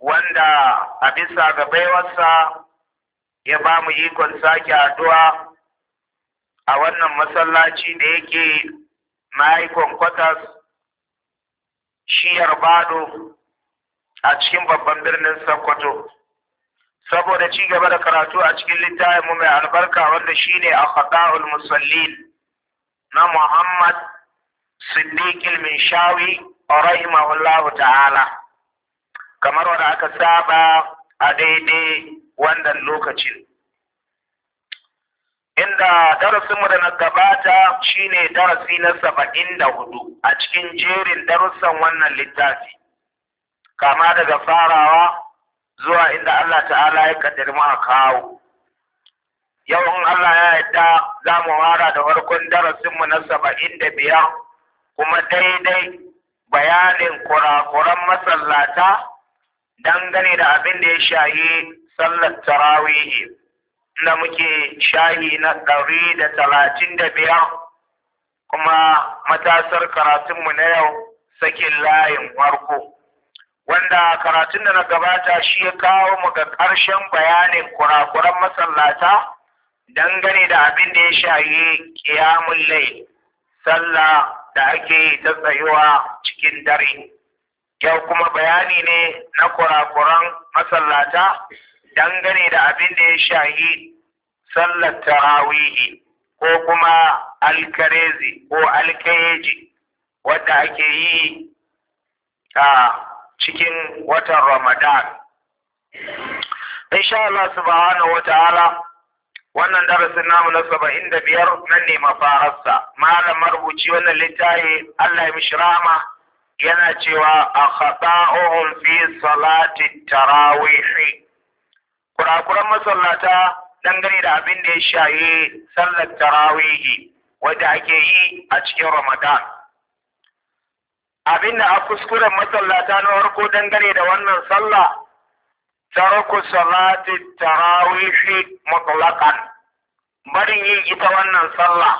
wanda a bisa ga baiwarsa ya ba mu ikon sake addu'a a wannan masallaci da yake ma'aikon kwatas shiyar bado a cikin babban birnin sokoto saboda ci gaba da karatu a cikin littafinmu mai albarka wanda shine a fata'ul musallin na muhammad siddiqil ilmin shawi rahimahullahu ta'ala kamar wanda aka saba a daidai wannan lokacin inda darasin mu da na gabata shine darasi na saba'in da hudu a cikin jerin darussan wannan littafi kama daga farawa zuwa inda Allah ta'ala ya kaddar mu a kawo yau in Allah ya yadda za mu fara da farkon darasinmu na saba'in da biyar kuma daidai bayanin kurakuran masallata dangane da abin da ya shayi sallar tarawihi da muke shayi na ɗari da talatin da biyar kuma matasar karatunmu na yau sakin layin farko wanda karatun da na gabata shi ya kawo mu ga ƙarshen bayanin kurakuran masallata dangane da abin da ya shayi ƙiyamun lai sallah da ake ta tsayuwa cikin dare yau kuma bayani ne na kurakuran masallata dangane da abin da ya shahi sallar tarawihi ko kuma alkarezi ko alkayeji wadda ake yi a cikin watan ramadan insha Allah subhanahu wa ta'ala wannan darasin namu na saba'in da biyar nan ne mafararsa malam marubuci wannan littafi Allah ya mishi rama yana cewa a khata'uhum fi salati tarawih kurakuran masallata dangane da abin da ya shaye sallar tarawihi wanda ake yi a cikin ramadan abin da a kuskuren masallata na farko dangane da wannan sallah taraku salati tarawihi mutlaqan barin yin ita wannan sallah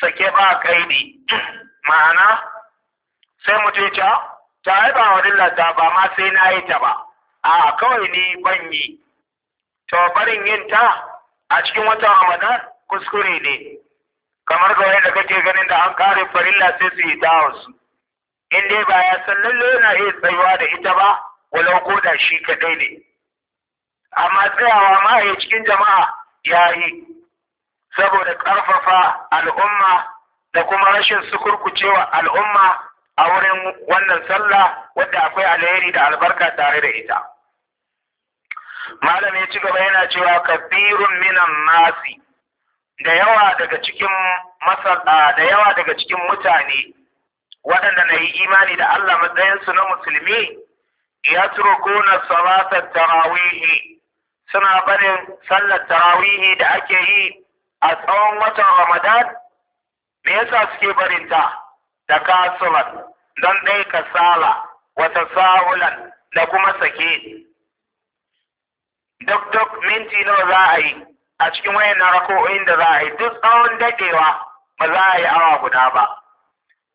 sake ba kaidi ma'ana sai mutum ta ah, ta yi ba wa ta ba ma sai na yi ta ba a kawai ni ban yi to barin yin ta a cikin watan ramadan kuskure ne kamar ga wanda kake ganin da an kare farilla sai su yi ta wasu in dai ba ya san lalle yana iya tsayuwa da ita ba walau ko da shi kadai ne amma tsayawa ma a cikin jama'a ya yi saboda ƙarfafa al'umma da kuma rashin sukurkucewa al'umma a wurin wannan sallah wadda akwai alheri da albarka tare da ita malam ya ci gaba yana cewa kabirun minan nasi da yawa daga cikin masalla da yawa daga cikin mutane waɗanda na yi imani da Allah matsayinsu na musulmi ya kona salatar tarawihi suna barin sallar tarawihi da ake yi a tsawon watan ramadan me yasa suke barinta da kasulan don ɗai kasala wata sa'ulan da kuma sake duk duk minti nawa za a yi a cikin wayannan rako'o'in da za a yi duk tsawon daɗewa ba za a yi awa guda ba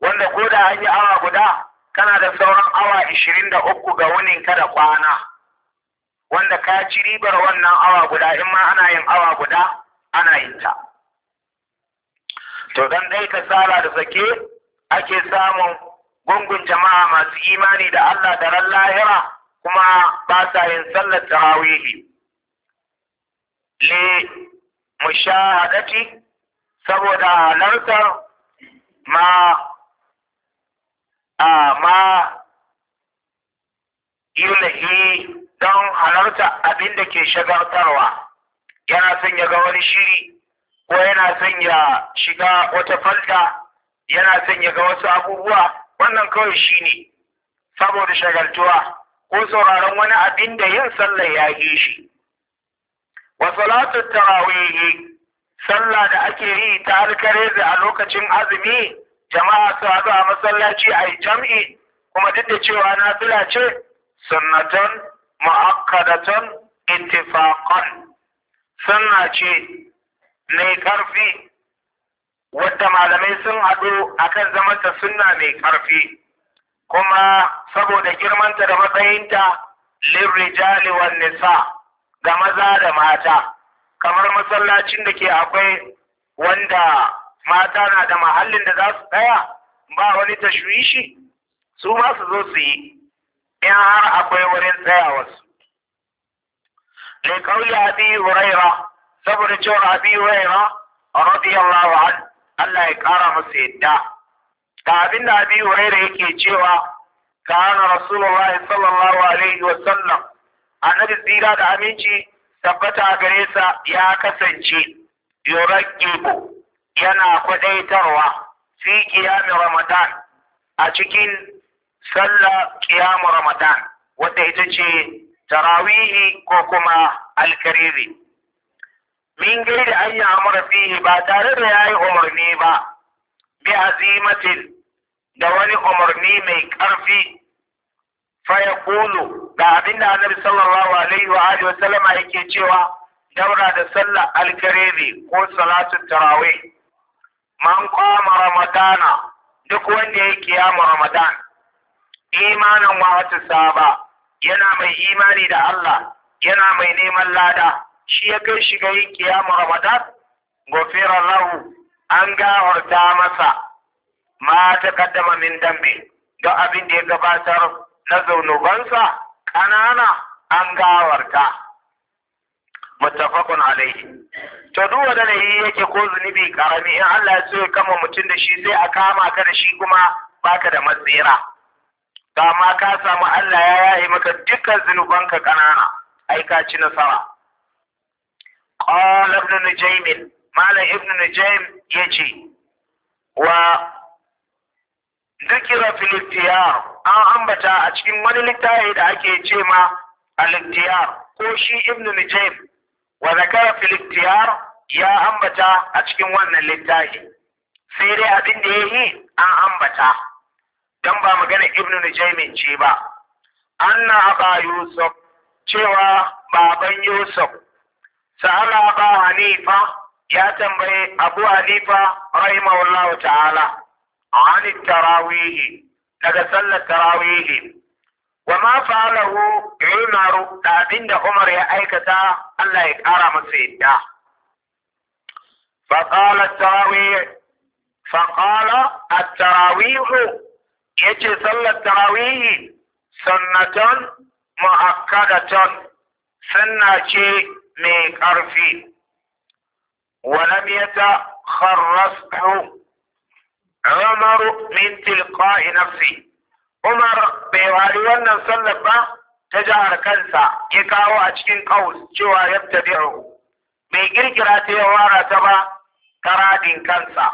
wanda ko da an yi awa guda kana da sauran awa ishirin da uku ga wunin ka da kwana wanda ka ci ribar wannan awa guda in ma ana yin awa guda ana yin ta to dan ɗai ka sala da sake ake samun gungun jama'a masu imani da Allah da ran lahira kuma ba sa yin sallar tarawihi li mushahadati saboda halartar ma a ma yulahi don halarta abin da ke shagartarwa yana son ya ga wani shiri ko yana son ya shiga wata falda yana son ya ga wasu abubuwa wannan kawai shi ne saboda shagaltuwa ko sauraron wani abin da yin sallar ya yi shi wa salatu tarawihi sallah da ake yi ta alkarezi a lokacin azumi jama'a su haɗu a masallaci a yi jam'i kuma duk da cewa na fila ce sunnatan mu'akkadatan ittifaqan sunna ce mai ƙarfi wadda malamai sun haɗu kan zamanta sunna mai ƙarfi kuma saboda girmanta da matsayinta lirrijali wan nisa ga maza da mata kamar masallacin da ke akwai wanda mata na da mahallin da za su tsaya ba wani tashwishi su ba su zo su yi in har akwai wurin tsayawarsu لقول أبي هريرة صبر جور أبي هريرة رضي الله عنه Allah ya ƙara masa yadda ga abin da abi yake cewa ana rasulullahi sallallahu alaihi wa sallam annabi tsira da aminci tabbata a gare sa ya kasance yuraqibu yana kwadaitarwa fi qiyam ramadan a cikin sallah qiyam ramadan wanda ita ce tarawihi ko kuma alkariri min gairi an yi amara fihi ba tare da ya yi umarni ba bi azimatin da wani umarni mai ƙarfi kulu da abin da annabi sallallahu alaihi wa alihi wa sallama yake cewa daura da sallar alkarebe ko salatu tarawe man qama ramadana duk wanda ya kiyama ramadan imanin wa saba yana mai imani da Allah yana mai neman lada shi ya kai shiga yin kiyamu ramadan gofira lahu an gawarta masa ma ta kaddama min dambe don abin da ya gabatar na zaunubansa ƙanana an gawarta mutafakun alaihi to duk wanda ne yake ko zunubi karami in Allah ya so ya kama mutum da shi sai a kama ka da shi kuma baka da matsira Kama ma ka samu Allah ya yaye maka dukkan zunubanka ƙanana ai ka ci nasara قال ابن نجيم مال ابن نجيم يجي و ذكر في الاختيار an ambata a cikin wani littafi da ake ce ma al-iktiyar ko shi ibn Nujaym wa zakara fil iktiyar ya ambata a cikin wannan littafi sai dai abin da yayi an ambata dan ba magana ibn Nujaym ce ba anna aba yusuf cewa baban yusuf سأل أبا حنيفة يا تنبي أبو حنيفة رحمه الله تعالى عن التراويح تغسل التراويح وما فعله عمر تأذن عمر يا أيكتا الله يكرم سيدا فقال التراويح فقال التراويح يجي صلى التراويح سنة مؤكدة سنة شيء ميك ولم يتخرصه عمر من تلقاء نفسي عمر بيواري ونن صلبا تجار كنسا يكاو أشكين قوس جوا يبتدعه ميقر جراتي وارا تبا ترادين كنسا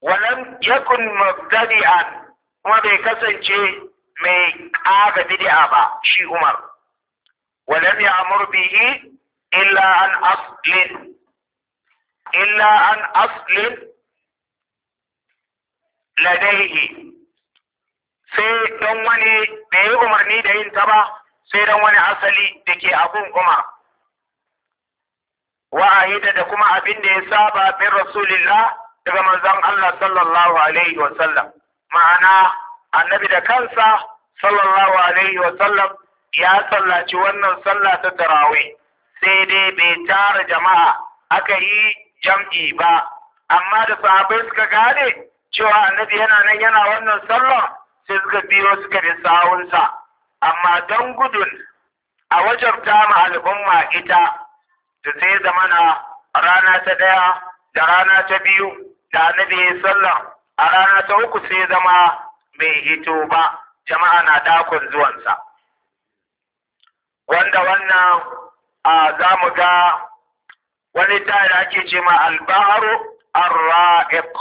ولم يكن مبتدئا وبي كسن شيء ميقاب بدعا شي عمر ولم يعمر به illa an aslin illa an aslin ladaihi sai don wani da yi umarni da yin ta ba sai don wani asali da ke abun umar wa'ahida da kuma abin da ya saba bin rasulillah daga manzon Allah sallallahu alaihi wa sallam ma'ana annabi da kansa sallallahu alaihi wa sallam ya sallaci wannan sallah ta tarawih sai dai bai tara jama'a aka yi jam'i ba amma da sahabai suka gane cewa annabi yana nan yana wannan sallon, sai suka biyo suka da sawunsa amma don gudun a wajen ma al'umma ita ta sai zamana rana ta ɗaya da rana ta biyu da annabi ya sallon, a rana ta uku sai zama bai hito ba jama'a na dakon zuwansa wanda wannan a za mu ga wani da ake ce ma albaharu arra'iq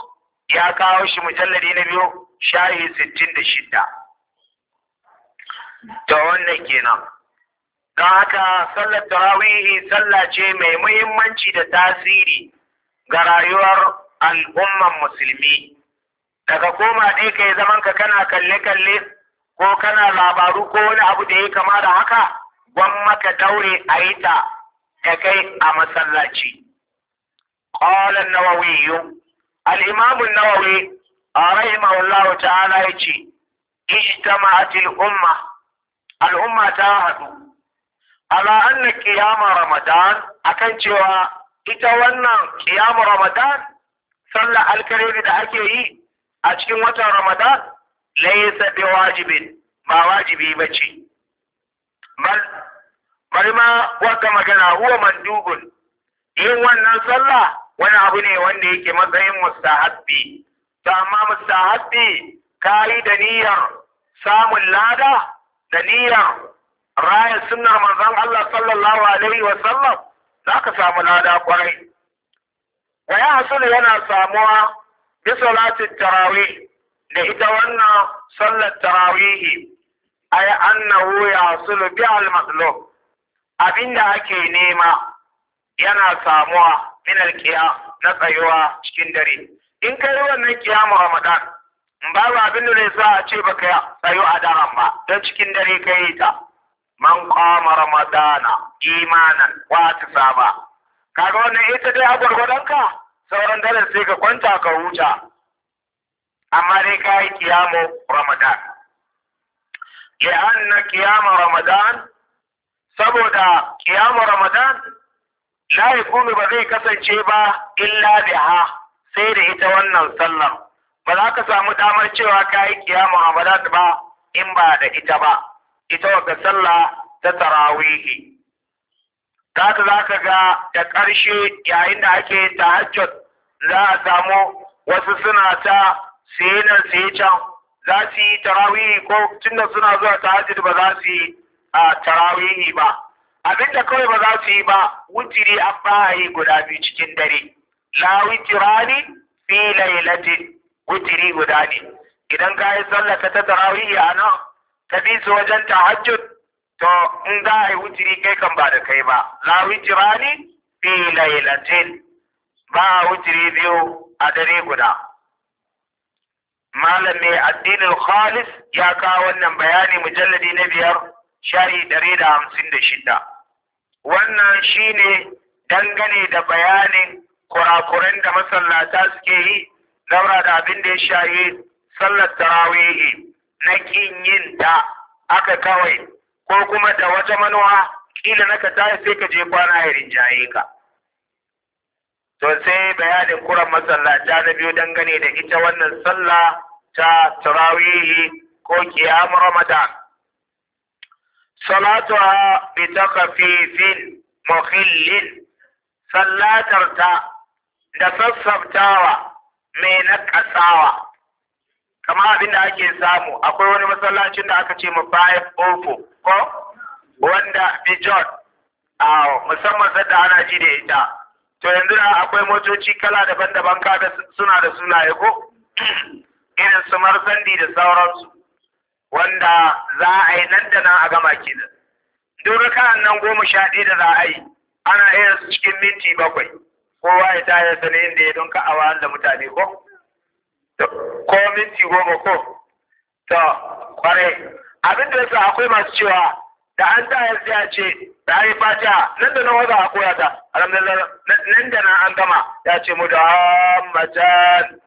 ya kawo shi mujalladi na biyu shayi sittin da shida da wannan kenan don haka sallar tarawihi sallah ce mai muhimmanci da tasiri ga rayuwar al'umman musulmi daga koma ɗaya kai zaman ka kana kalle-kalle ko kana labaru ko wani abu da ya kama da haka gwamma ka daure a yi ta da kai a masallaci. Ƙolan nawawi yiwu, al'imamun nawawi a ta ta'ala ya ce, Ijtama'atil umma, al'umma ta haɗu, ala anna kiyama Ramadan akan cewa ita wannan kiyama Ramadan, sallar alkarebi da ake yi a cikin watan Ramadan, laisa sabbe wajibin, ba wajibi ba ce. bari ma wata magana huwa mandubun yin wannan sallah wani abu ne wanda yake matsayin mustahabbi to amma mustahabbi kayi da niyyar samun lada da niyyar raya sunnar manzon Allah sallallahu alaihi wa sallam zaka samu lada kwarai wa ya yana samuwa bi salatin tarawih da ita wannan sallar tarawih ay annahu yasulu bi al matlub abinda ake nema yana samuwa min al na tsayuwa cikin dare in kai wannan kiyama ramadan babu abin da zai sa a ce baka tsayo a daren ba don cikin dare ka yi ta man qama ramadana imanan wa saba. kaga wannan ita dai a gurgurdan ka sauran dare sai ka kwanta ka huta amma dai ka yi kiyamu ramadan li'anna ƙiyama ramadan saboda qiyama ramadan la yakunu ba zai kasance ba illa biha sai da ita wannan sallar ba za ka samu damar cewa ka yi ramadan ba in ba da ita ba ita wata sallah ta tarawihi ta za ka ga da ƙarshe yayin da ake tahajjud za a samu wasu suna ta siyinan siyi can za su yi tarawihi ko tun da suna zuwa tahajjud ba za su yi tarawihi ba abinda kawai ba za su yi ba wutiri an ba yi guda biyu cikin dare la wutirani fi lailatin wutiri guda ne idan ka yi sallah ta tarawihi a nan ka bi su wajen tahajjud to in za a yi wutiri kai kan ba da kai ba la wutirani fi lailatin ba wutiri biyu a dare guda malam mai addinin khalis ya kawo wannan bayani mujalladi na biyar shari ɗari da hamsin da shida wannan shine dangane da bayanin kurakuran da masallata suke yi daura da abin da ya shayi sallar tarawihi na kin yin ta aka kawai ko kuma da wata manuwa kila naka ta sai ka je kwana ya rinjaye ka to sai bayanin kuran masallaci na biyu dangane da ita wannan sallah ta tarawihi ko kiyam ramadan salatuha bi takfifin mukhillin sallatar ta da sassabtawa mai nakasawa kama abinda da ake samu akwai wani masallacin da aka ce mu five ofo oh ko wanda bijot a ah, musamman sadda ana ji da ita to yanzu da akwai motoci kala daban-daban kada suna da sunaye ko irin su marzandi da sauransu wanda za a yi nan da nan a gama kenan duk kan nan goma sha ɗaya da za a yi ana iya su cikin minti bakwai kowa ya yi sani inda ya dunka a da mutane ko ko minti goma ko to kwarai abin da yasa akwai masu cewa da an da ya tsaya ce da yi fatiha nan da na waza a koya ta alhamdulillah nan da nan an gama ya ce mu da hammatan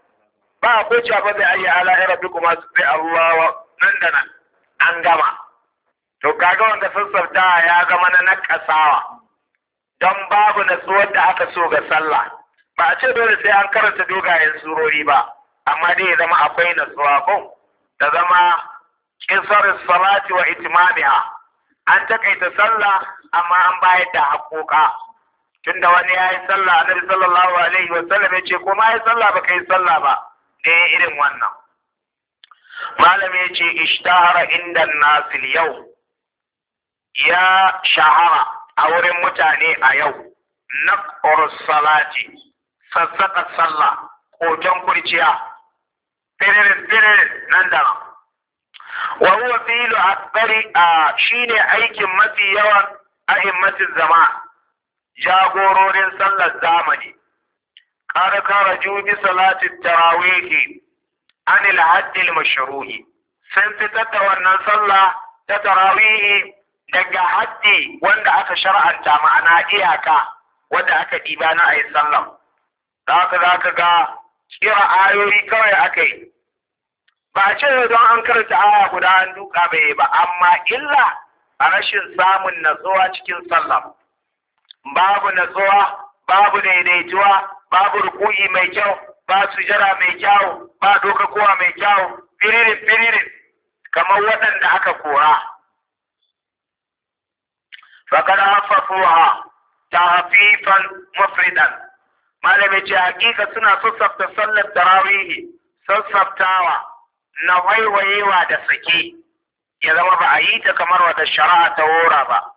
ba a ko cewa ba zai ayi ala ya rabbi kuma su sai Allah nan da nan an gama to kaga wanda sassafta ya zama na nakasawa don babu natsuwar da aka so ga sallah ba a ce dole sai an karanta dogayen surori ba amma dai ya zama akwai natsuwa ko ta zama kisar salati wa itmamiha an takaita sallah amma an bayar da haƙoƙa tunda wani ya yi sallah annabi sallallahu alaihi wa sallam ya ce ko ma ya sallah ba kai sallah ba ne irin wannan malami ya ce ishtahara inda nasil yau ya shahara a wurin mutane a yau naqur salati sassaƙa sallah Ko jan kurciya firirin firirin nan da nan wa huwa filu akbari a shine aikin mafi yawan a'immatin zama jagororin sallar zamani Kada ka raju bi salatin tarawih an al-hadd al-mashruhi sun fitar da wannan sallah ta tarawih daga haddi wanda aka shar'anta ma'ana iyaka wanda aka ɗiba na ayi sallah da za ka ga kira ayoyi kawai akai ba ce don an karanta aya guda an duka bai ba amma illa a rashin samun natsuwa cikin sallah babu natsuwa babu daidaituwa babu rukuyi mai kyau ba sujara mai kyau ba doka kowa mai kyau firirin firirin kamar waɗanda aka kora fakar hafafuwa ta hafifan mafridan malamai ce hakika suna sassafta sallar tarawihi sassaftawa na waiwayewa da sake ya zama ba a yi ta kamar wata shari'a ta wora ba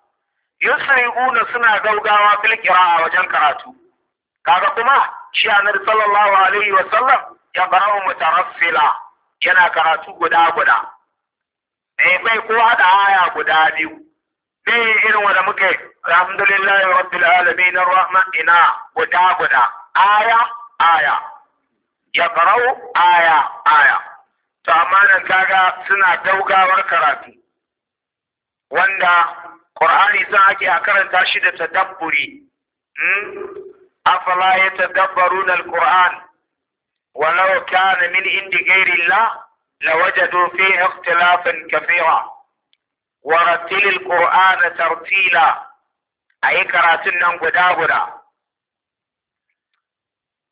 yusriquna suna gaugawa fil qira'a wajen karatu kaga kuma shi annabi sallallahu alaihi wa sallam ya qara'u mutarassila yana karatu guda guda eh bai ko hada aya guda biyu bai irin wanda muke alhamdulillahi rabbil alamin arrahman ina guda guda aya aya ya qara'u aya aya to amma kaga suna daugawar karatu wanda Qur'ani sun ake a karanta shi da tadabburi hmm? afala yatadabbaruna al alquran walau kana min indi ghairi la lawajadu fihi ikhtilafan kathira wa rattilil alquran tartila ayi karatun nan guda guda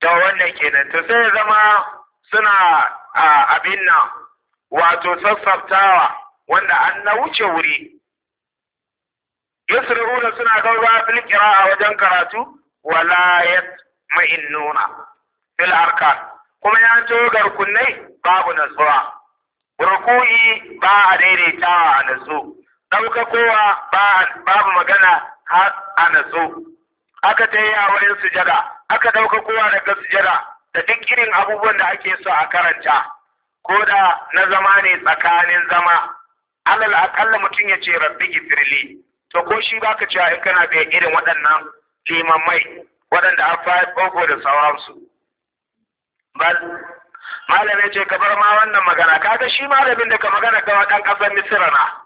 to wannan kenan to sai zama suna a abin nan wato sassaftawa wanda an na wuce wuri Yusrihuna suna gauba fil qira'a wajen karatu wala ma'innuna fil arka kuma ya to garkunnai babu nasuwa ruku'i ba a daidaitawa a nasu kowa ba babu magana har a nasu aka ta yi a wurin sujada aka kowa daga sujada da duk irin abubuwan da ake so a karanta ko da na zama ne tsakanin zama alal akalla mutum ya ce rabbi gifirli to ko shi baka cewa in kana da irin waɗannan mai waɗanda an fa ɓogo da sauransu bal ya ce ka bar ma wannan magana kaga shi malamin da ka magana ga ɗan ƙasar misira na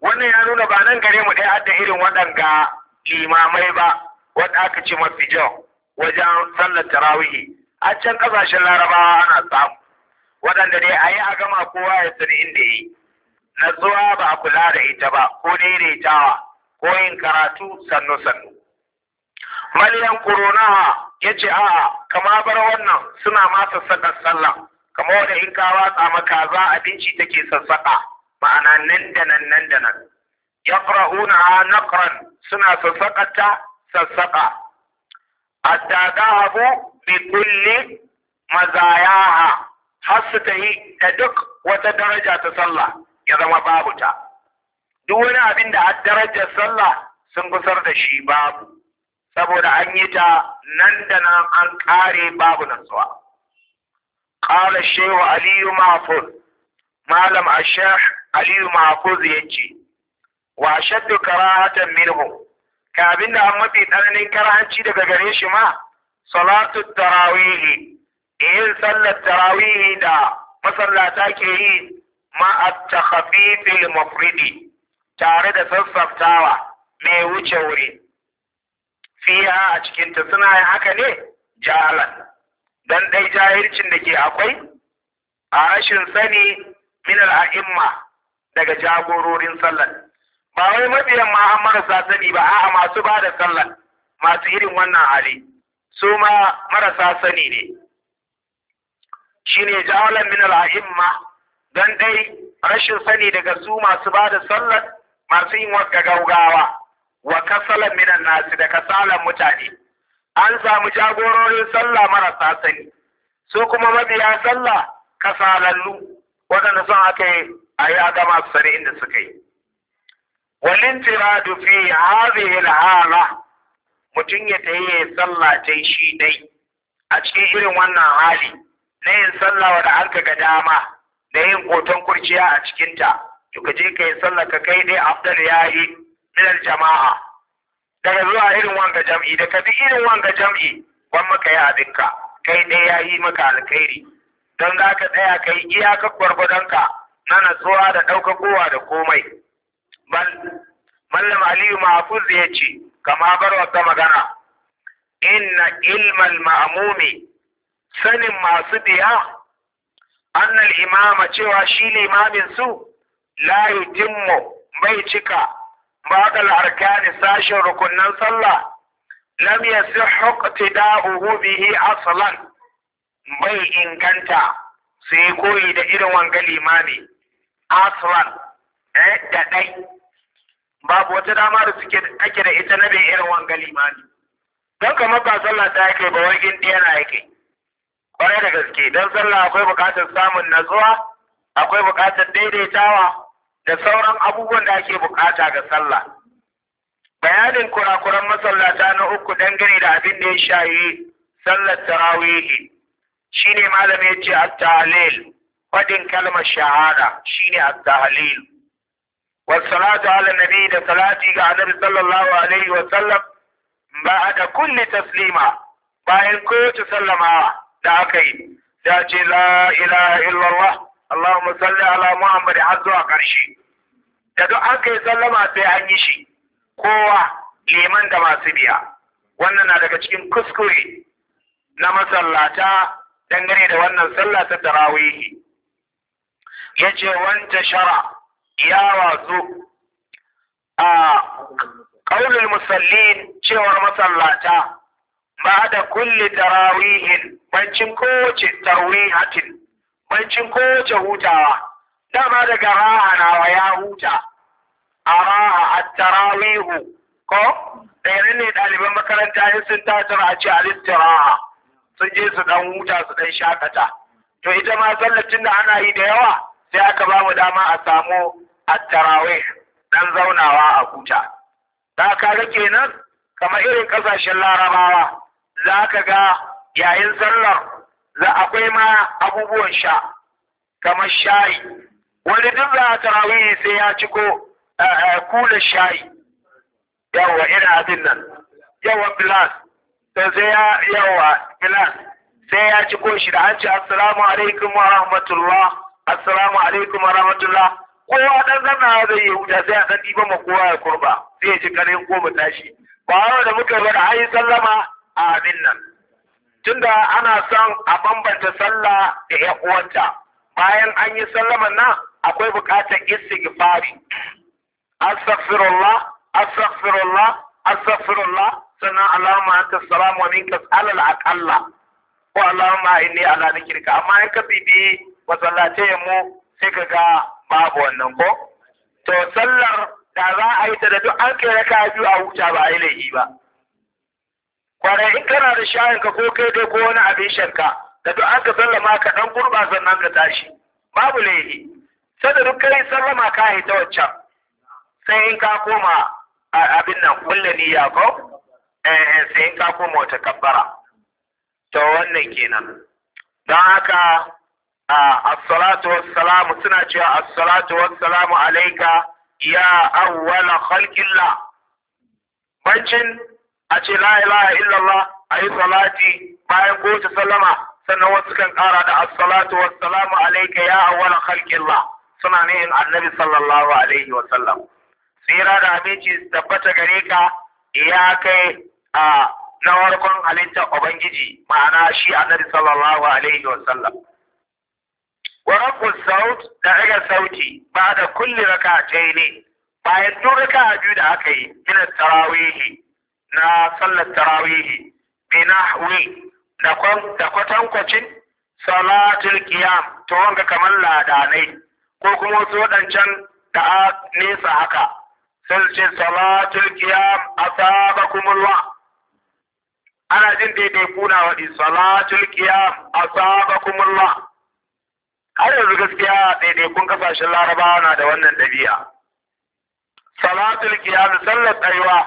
wannan ya nuna ba nan gare mu ɗaya adda irin waɗanga limamai ba wanda aka ce mafi jau wajen sallar tarawihi a can ƙasashen larabawa ana samu waɗanda dai a yi a gama kowa ya sani inda yi natsuwa ba a kula da ita ba ko daidaitawa ko yin karatu sannu sannu maliyan kuronawa ya ce a'a kama bar wannan suna ma sassaƙar sallah kama wanda in ka watsa maka za abinci take sassaƙa ma'ana nan da nan nan da nan a naqran suna ta sassaƙa A abu. bi mazayaha har su ta yi da duk wata daraja ta sallah ya zama babu ta duk wani abin da har darajar sallah sun gusar da shi babu saboda an yi ta nan da nan an kare babu nan zuwa. qala shehu aliyu mahfuz malam ashah aliyu mahfuz yace wa shaddu karahatan minhu ka abin da an mafi tsananin karahanci daga gare shi ma salatu tarawihi yin sallar tarawihi da masallata ke yi ma'a takhafifil mafridi tare da sassaftawa mai wuce wuri fiya a cikinta suna yin haka ne jahalan dan dai jahilcin da ke akwai a rashin sani min a'imma daga jagororin sallar ba wai mabiyan ma an marasa sani ba a'a masu ba da sallar masu irin wannan hali su ma marasa sani ne shine jahalan min al'a'imma Don dai rashin sani daga su masu ba da sallar masu yin wakka gaugawa wa kasalan min nasi da kasalan mutane an samu jagororin sallah marasa sani su kuma mabiya sallah kasalallu waɗanda sun aka yi a yi gama su sani inda suka yi walintiradu fi hadhihi al-hala mutum ya tayi ya sallah ta shi dai a cikin irin wannan hali na yin sallah wadda an ga dama da yin koton kurciya a cikinta to ka je ka yi sallah ka kai dai afdal yi minal jama'a daga zuwa irin wanga jam'i da ka bi irin wanga jam'i ban maka yi abinka kai dai yi maka alkhairi don za ka tsaya ka yi iyakar gwargwadonka na natsuwa da ɗaukakowa da komai mallam aliyu mahfuz ya ce kama bar wata magana inna ilmal ma'amumi sanin masu biya annal imama cewa shi limamin su la yutimmu bai cika ba'dal arkani sashin rukunnan sallah lam yasihhu iqtida'uhu bihi aslan bai inganta sai koyi da irin wanga limami aslan eh da dai babu wata dama da suke ake da ita na bai irin wanga limani don kamar ba sallah ta yake ba wani gindi yana yake kwarai da gaske don sallah akwai bukatar samun natsuwa akwai bukatar daidaitawa da sauran abubuwan da ake bukata ga sallah bayanin kurakuran masallata na uku dangane da abin da ya shayi sallar tarawihi shine malam ya ce at-tahlil fadin kalmar shahada shine at-tahlil والصلاة على النبي ده صلاتي ga Annabi sallallahu alaihi wa sallam da kulli taslima bayan kowace sallama da aka yi da ce la ilaha illallah Allahumma salli ala Muhammad har zuwa ƙarshe da duk aka yi sallama sai an yi shi kowa liman da masu biya wannan na daga cikin kuskure na masallata dangane da wannan sallah ta tarawihi yace wanta shara ya matattu a ƙaunin musallin cewar masallata ba da kulle tarawihin bancin kowace tarwihatin bancin kowace hutawa dama daga rahana wa ya huta a raha a tarawihu ko ɗaya ne ɗaliban makaranta in sun tatar a ce raha sun je su ɗan huta su ɗan shakata to ita ma sallacin da ana yi da yawa sai aka ba mu dama a samu at-tarawih dan zaunawa a huta da kaga kenan kamar irin kasashen larabawa za ka ga yayin sallar za akwai ma abubuwan sha kamar shayi wani duk za a tarawih sai ya ciko eh, eh, kula shayi yawa ina abin nan yawa bilas sai ya yawa bilas sai ya ciko shi da an ce assalamu alaikum wa rahmatullah assalamu alaikum wa rahmatullah kowa dan zanna zai yi wuta sai a san diba ma kowa ya kurba zai ya ci karin ko mu tashi ba wa da muka bar ayi sallama a abin nan tunda ana son a bambanta sallah da ya uwanta bayan an yi sallaman nan akwai buƙatar istighfari astaghfirullah astaghfirullah astaghfirullah sannan alama ta salamu minka alal aqalla ko alama inni ala dhikrika amma in ka bibi masallatai mu sai ka ga babu wannan ko to sallar da za a yi ta da duk an kai raka biyu a huta ba a yi laifi ba kwana in kana da shayin ka ko kai dai ko wani abin shanka da duk an ka sallama ka dan gurba sannan ka tashi babu laifi sai da duk kai sallama ka yi ta waccan sai in ka koma abin nan kulle ya ko eh sai in ka koma wata kabbara to wannan kenan don haka Ah, assalatu wassalamu suna cewa assalatu wassalamu alaika ya awwala khalqillah bancin a ce la ilaha illallah ayi salati bayan ta sallama sannan wasu kan kara da assalatu wassalamu alaika ya awwala khalqillah suna ne in annabi sallallahu alaihi wa sallam tsira da aminci tabbata gare ka ya kai a na farkon halittar ubangiji ma'ana shi annabi sallallahu alaihi wa sallam wa rabbus saut da daga sauti ba da kulli raka'atayn ne bayan duk raka'a biyu da aka yi min tarawihi na sallar tarawihi bi nahwi da kwan da kwatankwacin salatul qiyam to wanga kamar ladanai ko kuma wasu waɗancan da nesa haka sai ce salatul qiyam asabakumul wa ana jin daidai kuna waɗi salatul qiyam asabakumul wa har yanzu gaskiya ɗaiɗaikun kasashen larabawa na da wannan ɗabi'a salatul qiyam sallar tsayuwa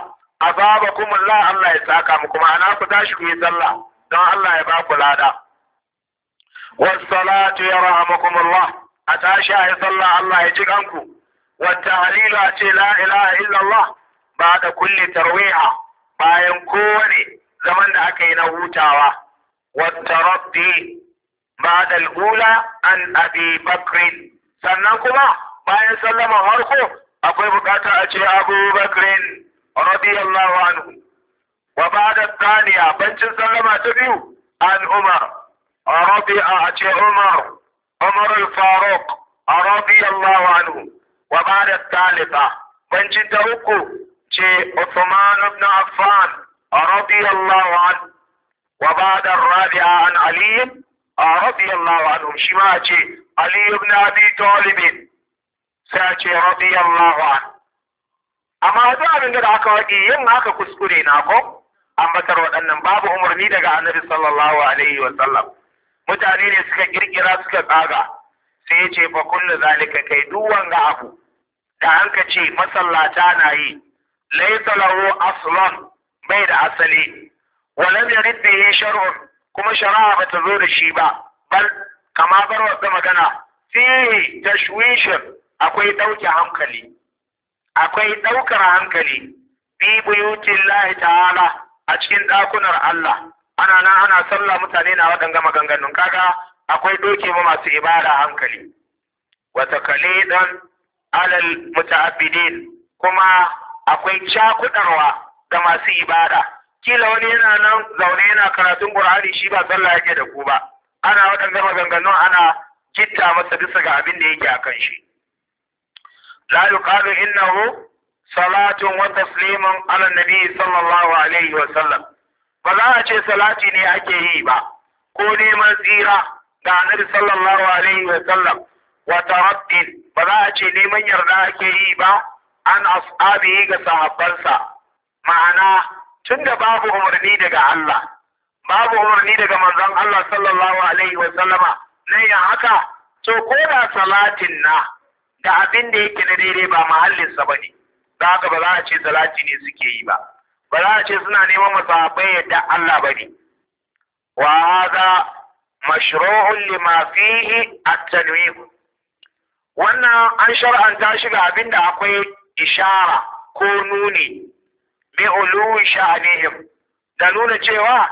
kuma la Allah ya saka muku ma'ana ku tashi ku yi sallah don Allah ya ba ku lada Wasu salatu kuma Allah a tashi a yi sallah Allah ya ji kanku Wata tahlilu ce la ilaha illallah ba da kulle tarwiha bayan kowane zaman da aka yi na hutawa wata rabbi بعد الأولى عن أبي بكر سننكما بين سلم هركو أبو بكاتا أجي أبو بكر رضي الله عنه وبعد الثانية بنت سلم تبيو عن عمر رضي أجي عمر عمر الفاروق رضي الله عنه وبعد الثالثة بنت تهكو جي عثمان بن عفان رضي الله عنه وبعد الرابعة عن علي radiyallahu anhu shi ma ce Ali ibn Abi Talib sai ce radiyallahu anhu amma duk abin da aka waɗi yin haka kuskure na ko ambatar waɗannan babu umarni daga annabi sallallahu alaihi wa sallam mutane ne suka kirkira suka tsaga sai ya ce fa kullu zalika kai duk wanga abu da an ka ce masallata na yi laysa lahu aslan bai da asali wa lam yarid bihi shar'un kuma shari'a ba ta zo da shi ba bal kama bar wasu magana fihi tashwishin akwai ɗauke hankali akwai ɗaukar hankali bi buyutin lahi ta'ala a cikin ɗakunar Allah ana nan ana sallah mutane na waɗanga maganganun kaga akwai doke ma masu ibada hankali wata kalidan alal muta'abbidin kuma akwai cakudarwa ga masu ibada kila wani yana nan zaune yana karatun Qur'ani shi ba sallah yake da ku ba ana waɗannan maganganun ana kitta masa bisa ga abin da yake akan shi la yuqalu innahu salatun wa taslimun ala nabi sallallahu alaihi wa sallam ba za a ce salati ne ake yi ba ko neman tsira ga annabi sallallahu alaihi wa sallam wa taraddin ba za a ce neman yarda ake yi ba an asabi ga sahabbansa ma'ana Tunda babu umarni daga Allah babu umarni daga manzon Allah sallallahu alaihi wa sallama nan ya haka to ko da salatin na da abin da yake na daidai ba mahallinsa ba ne da haka ba za a ce salati ne suke yi ba ba za a ce suna neman masahabai yadda Allah ba ne wa hadha mashru'un lima fihi at wannan an shar'anta shi ga abin da akwai ishara ko nuni bi uluwi sha'anihim da nuna cewa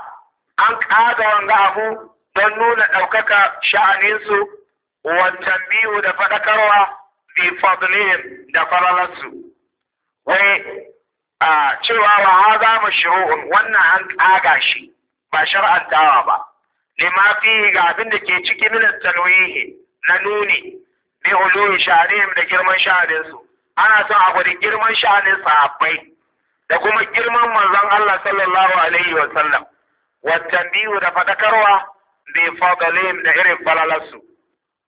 an kada wanga abu don nuna ɗaukaka sha'aninsu wancan biyu da faɗakarwa bi fadlihim da falalarsu wai a cewa wa haza mashru'un wannan an ƙaga shi ba shar'antawa ba lima fihi ga abin da ke ciki min talwihi na nuni bi uluwi sha'anihim da girman sha'aninsu ana son a da girman sha'anin sahabbai da kuma girman manzon Allah sallallahu alaihi wa sallam biyu da fadakarwa da fadalin da irin falalarsu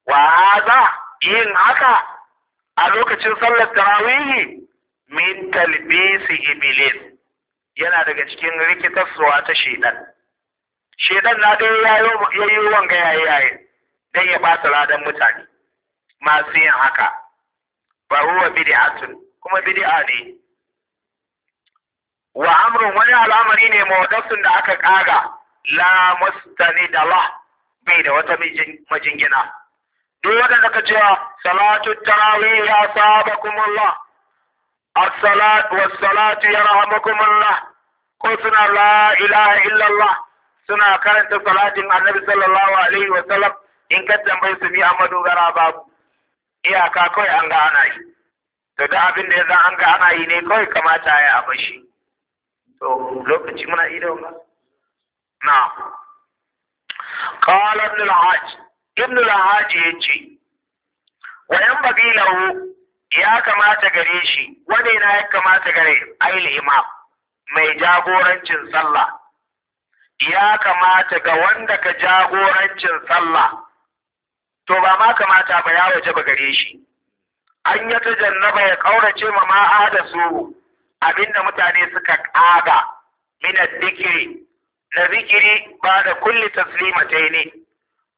wa hadha yin haka a lokacin sallar tarawihi min talbisi iblis yana daga cikin rikitarsuwa ta shedan shedan na dai yayi wanga yayi yayi dan ya bata ladan mutane masu yin haka ba huwa bid'atun kuma bid'a ne wa amrun wani al'amari ne mawadasun da aka kaga la mustani da la bai da wata majingina duk waɗanda ka cewa salatu tarawi ya saba kumulla as-salatu was-salatu yarhamukumullah ko suna la ilaha illallah suna karanta salatin annabi sallallahu alaihi wa sallam in ka tambayi su bi amadu gara babu iyaka kawai an ga ana yi to da abin da ya an ga ana yi ne kawai kamata ya yi a bashi. lokaci muna ido ba na qala ibn al haj ibn al haj yace wa yan bagilahu ya kamata gare shi wane na ya kamata gare ayil imam mai jagorancin sallah ya kamata ga wanda ka jagorancin sallah to ba ma kamata ba ya waje ba gare shi an yata jannaba ya kaurace ma ma'a da su abinda mutane suka kaga mina zikiri na zikiri ba da kulli ne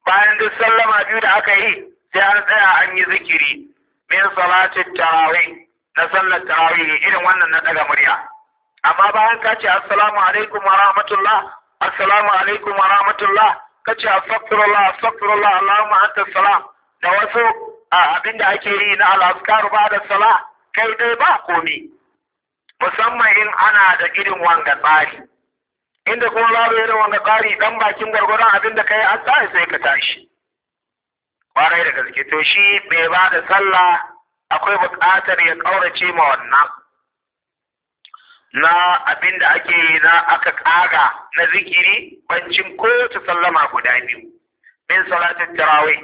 bayan duk sallama biyu da aka yi sai an tsaya an yi zikiri min salatin tarawi na sallar ne irin wannan na daga murya amma bayan ka ce assalamu alaikum wa rahmatullah assalamu alaikum wa rahmatullah ka ce astaghfirullah astaghfirullah allahumma anta salam da wasu abinda ake yi na al-azkar ba da sala kai dai ba komi musamman in ana da irin wanga tsari inda kuma babu irin wanga tsari dan bakin gwargwaron abin da yi an sai ka tashi kwarai da gaske to shi bai ba da sallah akwai buƙatar ya ƙaurace ma wannan na abin da ake yi na aka ƙaga na zikiri bancin ta sallama guda biyu min salatin tarawih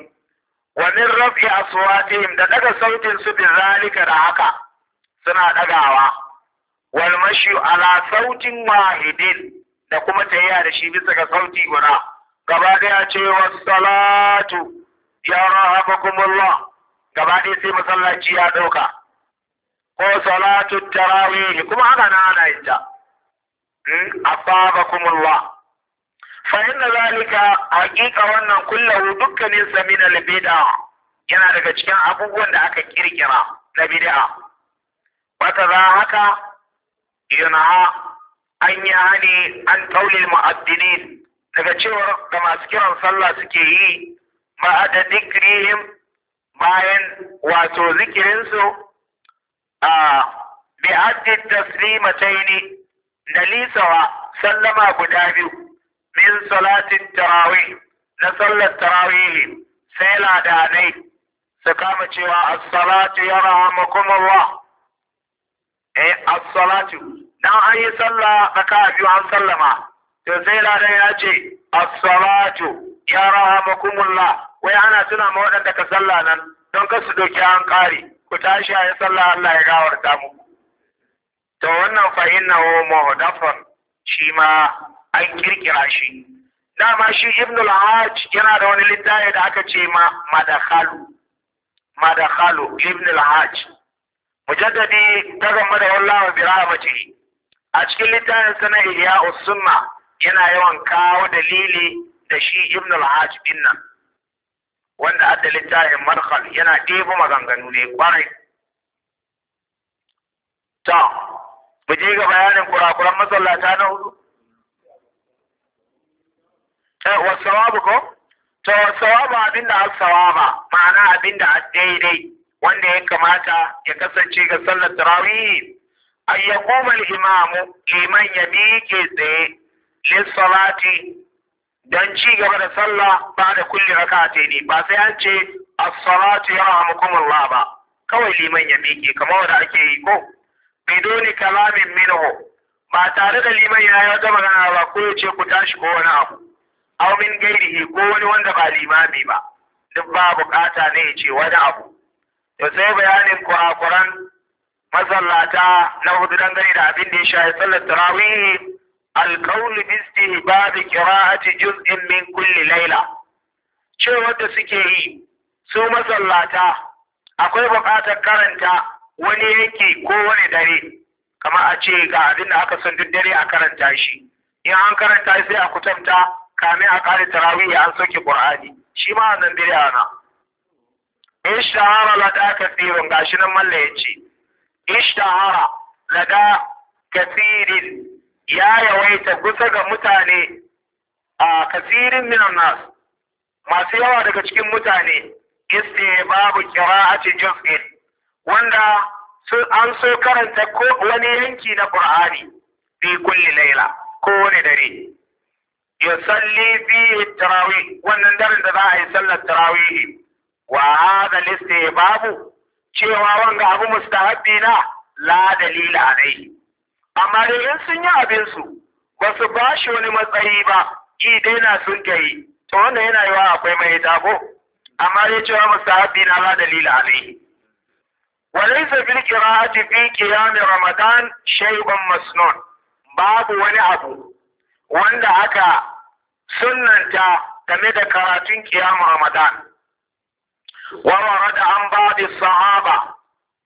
Wannan min a aswatihim da ɗaga sautin su bi zalika da haka suna ɗagawa. Walmashi ana ala sautin wahidin da kuma tayya da shi bisa ga sauti guda gaba ya ce wa salatu ya rahabakumullah gaba da sai masallaci ya dauka ko salatu tarawih kuma haka na ana yinta ta hmm? asabakumullah fa inna zalika haqiqa wannan kullahu dukkanin sa min al yana daga cikin abubuwan da aka kirkira na bid'a wata za haka yana an yi hani an taule mu'addini daga cewar da masu kiran sallah suke yi ma'ada dikrihim bayan wato zikirinsu a bi haddin taslimataini na lisawa sallama guda biyu min salatin tarawih na sallar tarawih sai ladanai su kama cewa as-salatu allah eh as-salatu dan an yi sallah biyu an sallama to sai ladan ya ce as-salatu ya rahamakumullah wai ana tuna ma waɗanda ka sallah nan don ka su doki an kare ku tashi a yi sallah Allah ya gawarta muku to wannan fa innahu muhdafan shi ma an kirkira shi dama shi ibnu al-hajj yana da wani littafi da aka ce ma madakhalu madakhalu ibnu al-hajj mujaddadi ta gamba da wallawa bi bira a cikin littafin sana Iliya usunna yana yawan kawo dalili da shi ibn al-hajj bin nan wanda adda littafin marhal yana ɗebo maganganu ne kwarai to mu je ga bayanin kurakuran masallata na hudu eh wasawabu ko to wasawabu abinda al-sawaba ma'ana abinda daidai wanda ya kamata ya kasance ga sallar tarawihi an ya imamu liman ya miƙe tsaye salati dan ci gaba da sallah ba da kulli rak'ati ne ba sai an ce as-salatu Allah ba kawai liman ya kamar wanda ake yi ko bidoni kalamin minhu ba tare da liman ya yi wata magana ba ko ya ce ku tashi ko wani abu aw min gairihi ko wani wanda ba limami ba duk ba bukata ne ya ce wani abu to sai bayanin kurakuran masallata na hudu gani da abin da ya shafi sallar tarawih alkaul bi istihbab qira'ati juz'in min kulli layla ce da suke yi su masallata akwai buƙatar karanta wani yanki ko wani dare kamar a ce ga abin da aka san duk dare a karanta shi in an karanta sai a kutanta kamin a ƙari tarawih an soke ƙur'ani, shi ma nan dare ana ishtahara lada kasirin gashi nan malla ya ce ishtahara lada kasirin ya yawaita kusa ga mutane a kasirin minan masu yawa daga cikin mutane iste babu ce juz'in wanda an so karanta ko wani yanki na qur'ani fi kulli laila ko wani dare salli fi tarawih wannan daren da za a yi sallar tarawih wa hadha istihbabu cewa wanga abu mustahabbi na la dalila alaihi amma dai in sun yi abin su ba su ba shi wani matsayi ba i dai na sun kai to wannan yana yiwa akwai mai tabo amma dai cewa mustahabbi na la dalila alaihi وليس في القراءة في قيام رمضان شيء مسنون babu wani abu wanda aka sunanta game da karatun kiyama Ramadan da an ba sahaba.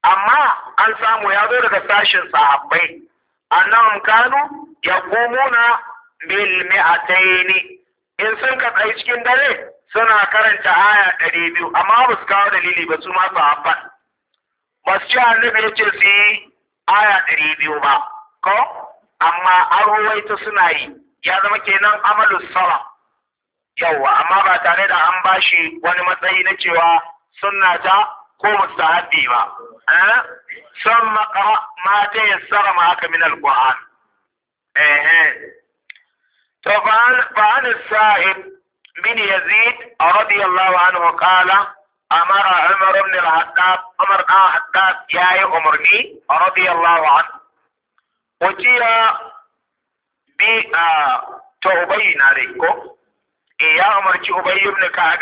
Amma an samu ya zo daga أن sahabbai annan kanu ya komo na يقومون بالمئتين in sun ka tsaye cikin dare suna karanta aya ɗari biyu amma ba su kawo dalili ba su ma sahabban ba su ci annabi ya ce su yi aya ɗari biyu ba ko amma an ruwaita suna yi ya zama kenan amalu sala yauwa amma ba tare da an bashi wani matsayi na cewa سنه قوم التهدي أه؟ ثم قرا ما تيسر معك من القران أه. طبعا فعن السائب من يزيد رضي الله عنه قال امر عمر بن الخطاب عمر بن الخطاب يا عمرني رضي الله عنه وجيا ب آه، توبين عليكم إيه، يا عمر ابي بن كعب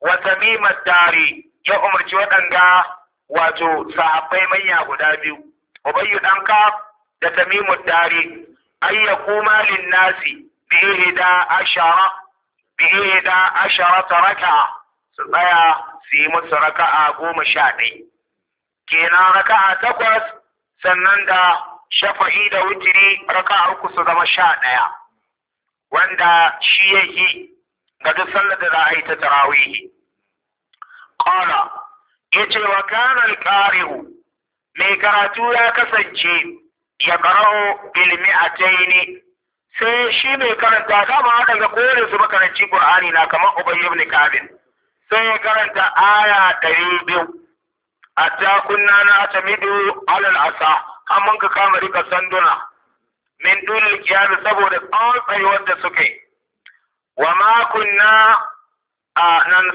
wa tamimat dari ya umarci waɗanda wato sahabbai manya guda biyu ubayyu dan ka da tamimud dari ay yakuma lin nasi bi ihda ashara bi ihda ashara raka'a su tsaya su yi musu raka'a goma sha ɗaya kenan raka'a takwas sannan da shafa'i da wutiri raka'a uku su zama sha ɗaya wanda shi yake kada duk sallar da za a yi ta tarawihi qala yace wa kana al-qari'u mai karatu ya kasance ya qara'u bil mi'ataini sai shi mai karanta dama haɗa ga kowane su makaranci Qur'ani na kamar Ubay ibn sai ya karanta aya ɗari biyu A kunna na atamidu alal asa har mun ka kama rika sanduna min dunil qiyam saboda tsawon tsayuwar da suke wa ma kunna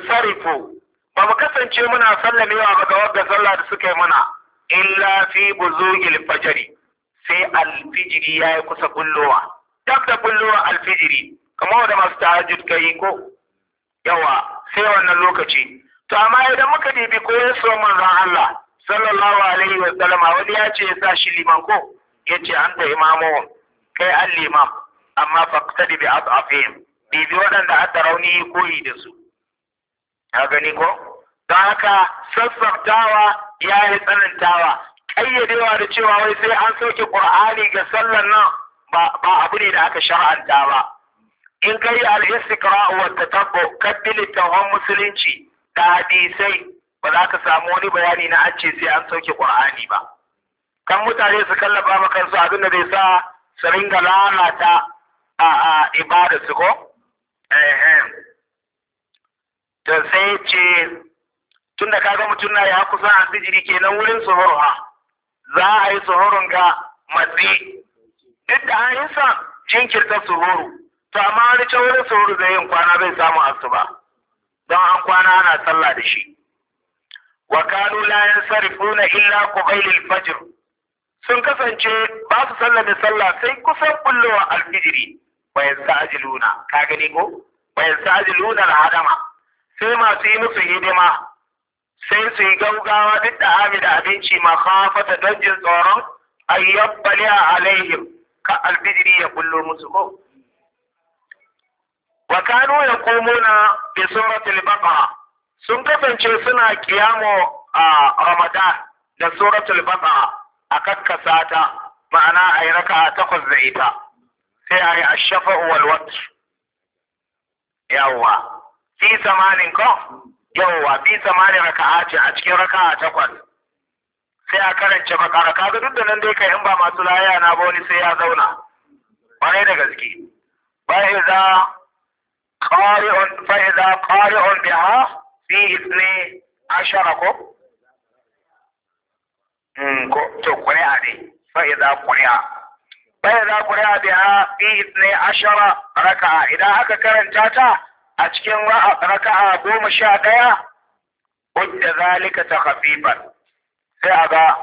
sarifu ba mu kasance muna sallamewa ba ga wadda sallah da suka yi mana illa fi buzugil fajri sai alfijiri ya yi kusa kullowa dab da kullowa alfijiri kamar wanda masu tahajjud kai ko yawa sai wannan lokaci to amma idan muka dibi ko yaso manzon Allah sallallahu alaihi wa sallama wani ya ce ya sa shi liman ko ya ce an da imamu kai an limam amma faqtadi bi adafihim Bibi waɗanda aka rauni koyi da su a gani ko don haka sassaftawa ya yi tsanantawa ƙayyadewa da cewa wai sai an sauke ƙur'ani ga sallar nan ba abu ne da aka shar'anta ba in kai al-istiqra'u wa tatabbu kaddil tawhid musulunci da hadisai ba za ka samu wani bayani na an ce sai an sauke ƙur'ani ba kan mutane su kallafa maka abin da zai sa su ringa lalata a ibada su ko to sai ce tunda kaga mutum na ya kusa a sijiri kenan wurin suhur ha za a yi suhurun ga matsi duk da an yi sa jinkirta suhuru to amma wani can wurin suhuru zai yin kwana bai samu asuba don an kwana ana sallah da shi wa kanu la yansarifuna illa qabailal fajr sun kasance ba su sallah da sallah sai kusan a alfijiri wa yastajiluna ka gani ko wa yastajiluna al-hadama sai masu yi musu hidima sai su yi gaugawa duk da ami da abinci kafata don jin tsoron ayyabbali a alaihim ka albidiri ya kullo musu ko wa kanu ya komo na bi suratul baqara sun kasance suna kiyamo a ramadan da suratul baqara a kakkasa ta ma'ana a yi raka takwas da ita sai a yi ashafa wal yawwa fi samanin ko yawwa fi samanin a ce a cikin raka a takwas sai a karance bakara kaga duk da nan dai kai in ba masu laya na ba wani sai ya zauna kwarai da gaske fa'iza qari'un on bi ha fi ithni ashara ko hmm, ko to qari'a ne, fa'iza qari'a bai za ku da biya fi ne ashara raka'a idan aka karanta ta a cikin raka'a goma sha ɗaya wadda zalika ta hafifan sai a ga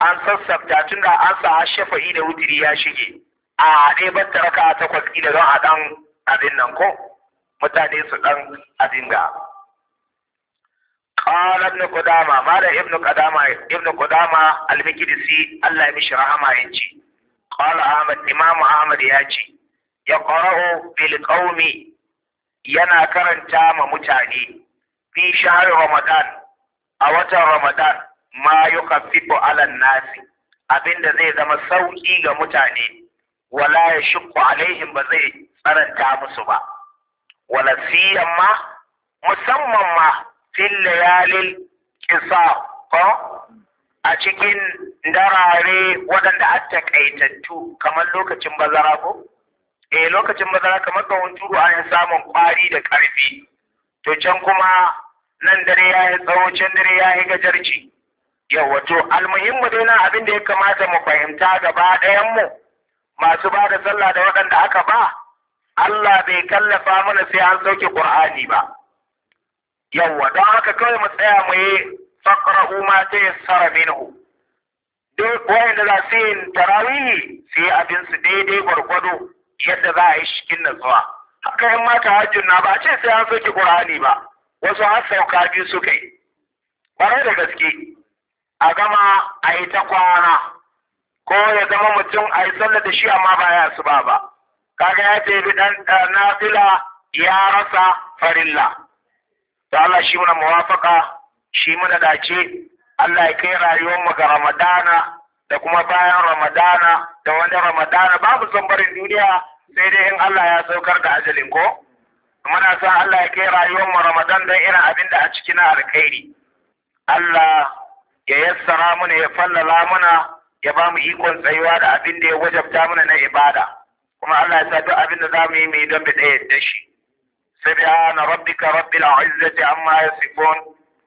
an sassafta tun da an sa shafa'i da wutiri ya shige a ne batta raka'a takwas kila don a ɗan abin nan ko mutane su ɗan abin ga قال ابن قدامة ماذا ابن قدامة ابن قدامة المقدسي الله يمشي رحمه ينجي qala ahmad imam ahmad ya ce ya qara'u bil yana karanta ma mutane fi shahr ramadan a watan ramadan ma yukaffifu alan nasi abinda zai zama sauki ga mutane wala ya shukku alaihin ba zai tsananta musu ba wala siyan ma musamman ma fil layalil qisar ko a cikin darare waɗanda a takaitattu kamar lokacin bazara ko? Eh lokacin bazara kamar ga hunturu ana samun ƙwari da ƙarfi. To can kuma nan dare ya yi tsawo can dare ya yi gajarci. Yawwa to almuhimmu dai na abin da ya kamata mu fahimta gaba ɗayanmu masu ba da sallah da waɗanda aka ba. Allah bai kallafa mana sai an sauke Ƙur'ani ba. Yawwa don haka kawai mu tsaya mu yi faqra'u ma tayassara minhu duk wanda za su yi tarawihi su yi abin su daidai gwargwado yadda za a yi cikin natsuwa haka 'yan mata hajjin na ba ce sai an soke qur'ani ba wasu har sauka biyu su kai bare da gaske a gama a yi ta kwana ko ya zama mutum a yi sallar da shi amma ba ya su ba ba kaga ya ce bi dan fila ya rasa farilla to Allah shi muna muwafaka shi muna dace Allah ya kai rayuwar mu ga Ramadana da kuma bayan Ramadana da wani Ramadana babu son duniya sai dai in Allah ya saukar da ajalin ko muna sa Allah ya kai rayuwar mu Ramadan don irin abin da a cikin alkhairi Allah ya yassara mana ya fallala mana ya ba mu ikon tsayuwa da abin da ya wajabta mana na ibada kuma Allah ya sa duk abin da za mu yi mai yi don bi ɗaya da shi سبحان ربك رب العزة عما يصفون